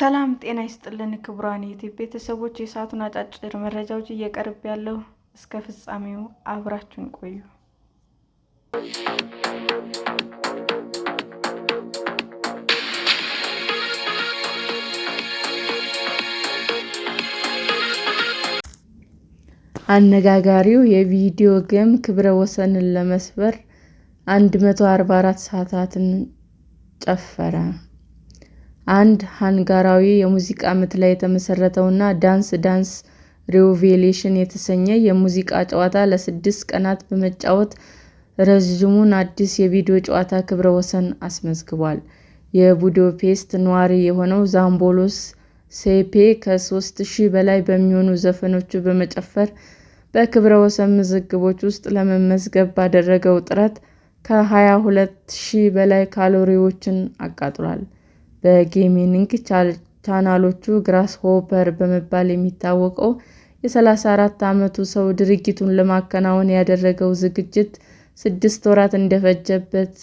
ሰላም ጤና ይስጥልን ክቡራን ዩቲዩብ ቤተሰቦች፣ የሰዓቱን አጫጭር መረጃዎች እየቀርብ ያለው እስከ ፍጻሜው አብራችሁን ቆዩ። አነጋጋሪው የቪዲዮ ጌም ክብረ ወሰንን ለመስበር 144 ሰዓታትን ጨፈረ። አንድ ሃንጋራዊ የሙዚቃ ምት ላይ የተመሠረተውና ዳንስ ዳንስ ሬቮሉሽን የተሰኘ የሙዚቃ ጨዋታ ለስድስት ቀናት በመጫወት ረዥሙን አዲስ የቪዲዮ ጨዋታ ክብረ ወሰን አስመዝግቧል። የቡዳፔስት ነዋሪ የሆነው ዛምቦሎስ ሴፔ ከሶስት ሺህ በላይ በሚሆኑ ዘፈኖቹ በመጨፈር በክብረ ወሰን ምዝግቦች ውስጥ ለመመዝገብ ባደረገው ጥረት ከ22 ሺህ በላይ ካሎሪዎችን አቃጥሏል። በጌሚንግ ቻናሎቹ ግራስ ሆፐር በመባል የሚታወቀው የ34 ዓመቱ ሰው ድርጊቱን ለማከናወን ያደረገው ዝግጅት ስድስት ወራት እንደፈጀበት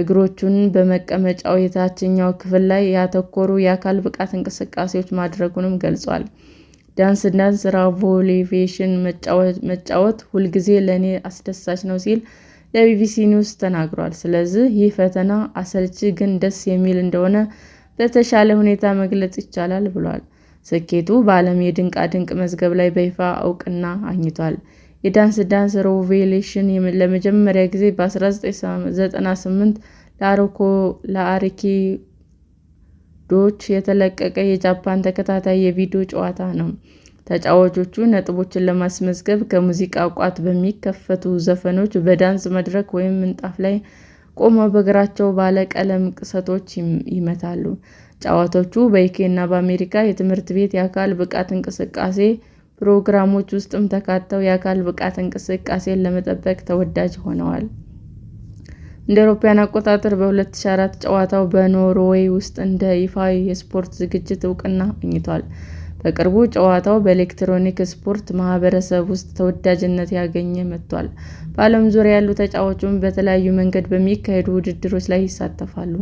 እግሮቹን በመቀመጫው የታችኛው ክፍል ላይ ያተኮሩ የአካል ብቃት እንቅስቃሴዎች ማድረጉንም ገልጿል። ዳንስ ዳንስ ራቮሌቬሽን መጫወት ሁልጊዜ ለእኔ አስደሳች ነው ሲል ለቢቢሲ ኒውስ ተናግሯል። ስለዚህ ይህ ፈተና አሰልቺ ግን ደስ የሚል እንደሆነ በተሻለ ሁኔታ መግለጽ ይቻላል ብሏል። ስኬቱ በዓለም የድንቃ ድንቅ መዝገብ ላይ በይፋ እውቅና አግኝቷል። የዳንስ ዳንስ ሮቬሌሽን ለመጀመሪያ ጊዜ በ1998 ለአሪኪዶች የተለቀቀ የጃፓን ተከታታይ የቪዲዮ ጨዋታ ነው። ተጫዋቾቹ ነጥቦችን ለማስመዝገብ ከሙዚቃ ቋት በሚከፈቱ ዘፈኖች፣ በዳንስ መድረክ ወይም ምንጣፍ ላይ ቆመው በእግራቸው ባለ ቀለም ቅስቶች ይመታሉ። ጨዋታዎቹ በUK እና በአሜሪካ የትምህርት ቤት የአካል ብቃት እንቅስቃሴ ፕሮግራሞች ውስጥም ተካተው የአካል ብቃት እንቅስቃሴን ለመጠበቅ ተወዳጅ ሆነዋል። እንደ አውሮፓውያን አቆጣጠር በ2004 ጨዋታው በኖርዌይ ውስጥ እንደ ይፋ የስፖርት ዝግጅት እውቅና አግኝቷል። በቅርቡ ጨዋታው በኤሌክትሮኒክ ስፖርት ማህበረሰብ ውስጥ ተወዳጅነት ያገኘ መጥቷል። በዓለም ዙሪያ ያሉ ተጫዋቾችም በተለያዩ መንገድ በሚካሄዱ ውድድሮች ላይ ይሳተፋሉ።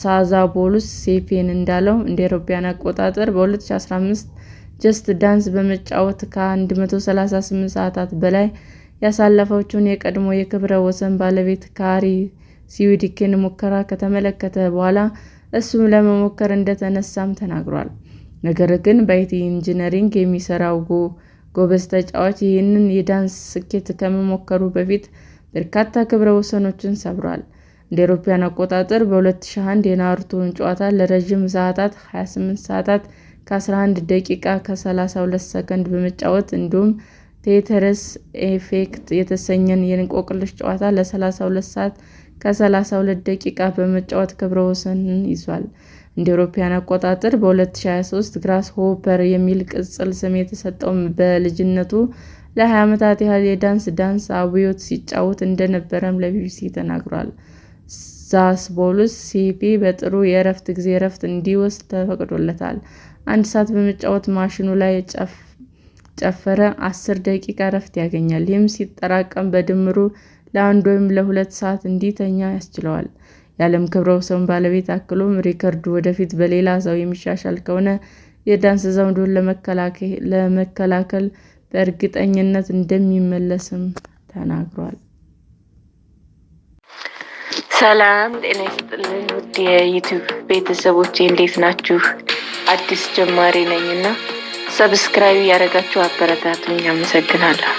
ሳዛቦሉስ ሴፔን እንዳለው እንደ አውሮፓውያን አቆጣጠር በ2015 ጀስት ዳንስ በመጫወት ከ138 ሰዓታት በላይ ያሳለፈችውን የቀድሞ የክብረ ወሰን ባለቤት ካሪ ሲዊዲኬን ሙከራ ከተመለከተ በኋላ እሱም ለመሞከር እንደተነሳም ተናግሯል። ነገር ግን በአይቲ ኢንጂነሪንግ የሚሰራው ጎበዝ ተጫዋች ይህንን የዳንስ ስኬት ከመሞከሩ በፊት በርካታ ክብረ ወሰኖችን ሰብሯል። እንደ አውሮፓውያን አቆጣጠር በ2001 የናሩቶን ጨዋታ ለረዥም ሰዓታት 28 ሰዓታት ከ11 ደቂቃ ከ32 ሰከንድ በመጫወት እንዲሁም ቴትሪስ ኤፌክት የተሰኘን የእንቆቅልሽ ጨዋታ ለ32 ሰዓት ከ32 ደቂቃ በመጫወት ክብረ ወሰንን ይዟል። እንደ አውሮፓውያን አቆጣጠር በ2023 ግራስ ሆፐር የሚል ቅጽል ስም የተሰጠው በልጅነቱ ለ20 ዓመታት ያህል የዳንስ ዳንስ አብዮት ሲጫወት እንደነበረም ለቢቢሲ ተናግሯል። ዛስቦልስ ሲፒ በጥሩ የእረፍት ጊዜ እረፍት እንዲወስድ ተፈቅዶለታል። አንድ ሰዓት በመጫወት ማሽኑ ላይ ጨፈረ፣ አስር ደቂቃ እረፍት ያገኛል። ይህም ሲጠራቀም በድምሩ ለአንድ ወይም ለሁለት ሰዓት እንዲተኛ ያስችለዋል። የዓለም ክብረ ወሰን ባለቤት አክሎም ሪከርዱ ወደፊት በሌላ ሰው የሚሻሻል ከሆነ የዳንስ ዘውዱን ለመከላከል በእርግጠኝነት እንደሚመለስም ተናግሯል። ሰላም ጤና ይስጥልን ውድ የዩቲዩብ ቤተሰቦች እንዴት ናችሁ? አዲስ ጀማሪ ነኝ እና ሰብስክራይብ ያደረጋችሁ አበረታቱኝ። አመሰግናለሁ።